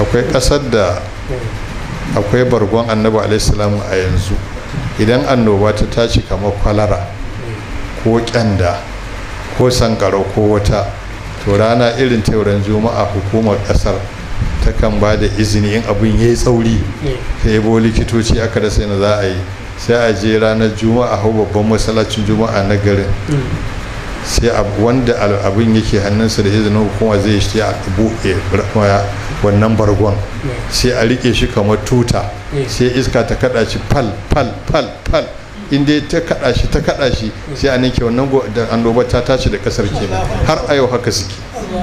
akwai ƙasar da akwai bargon annabi alaihissalamu a yanzu idan annoba ta tashi kamar kwalara ko kyanda ko sankarau ko wata to rana irin tauran juma'a hukumar ƙasar ta kan ba da izini in abin ya yi tsauri ta yabo likitoci aka da sai na za a yi sai a je ranar juma'a hau babban masallacin juma'a na garin sai wanda abin yake hannunsa da izinin hukuma zai shi a buɗe wannan bargon sai a rike shi kamar tuta sai iska ta kada shi fal fal fal fal inda ta kada shi ta kada shi sai a nake wannan ta tashi da kasar kenan har a yau haka suke